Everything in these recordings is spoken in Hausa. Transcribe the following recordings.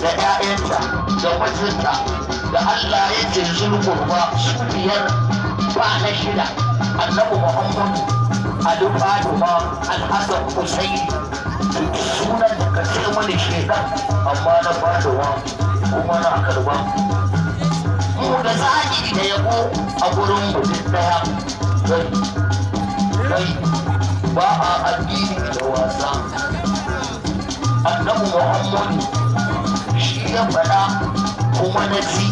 da 'ya'yanta da mijinta da Allah ya ce zulkurba su biyar ba na shida annabi Muhammadu Ali Fatima Alhassan Hussein sunan da ka ce mini shekar amma na Fatima kuma na karba mu da zaki da yabo a gurin mutum daya ba a addini da wasa annabi Muhammadu ya faɗa kuma na ci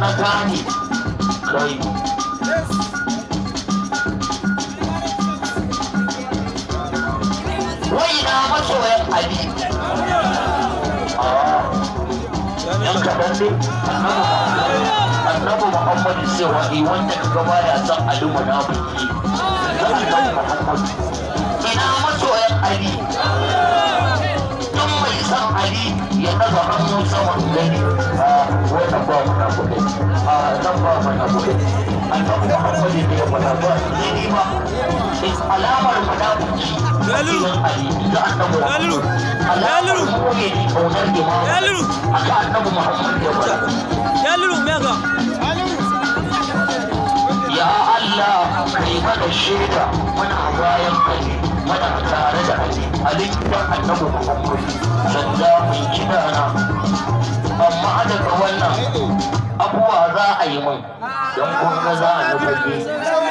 na gane gaibu wai na masoyan abi ah. yan kaɗan ne annabu muhammadu cewa eh, wanda ka gaba ya san alimu na buki sama ne wannan ba ya ya ya Allah kai mana shaida muna halin gidan annabi muhammad sanda mai kida na amma daga wannan abuwa za a yi mai don kun za a yi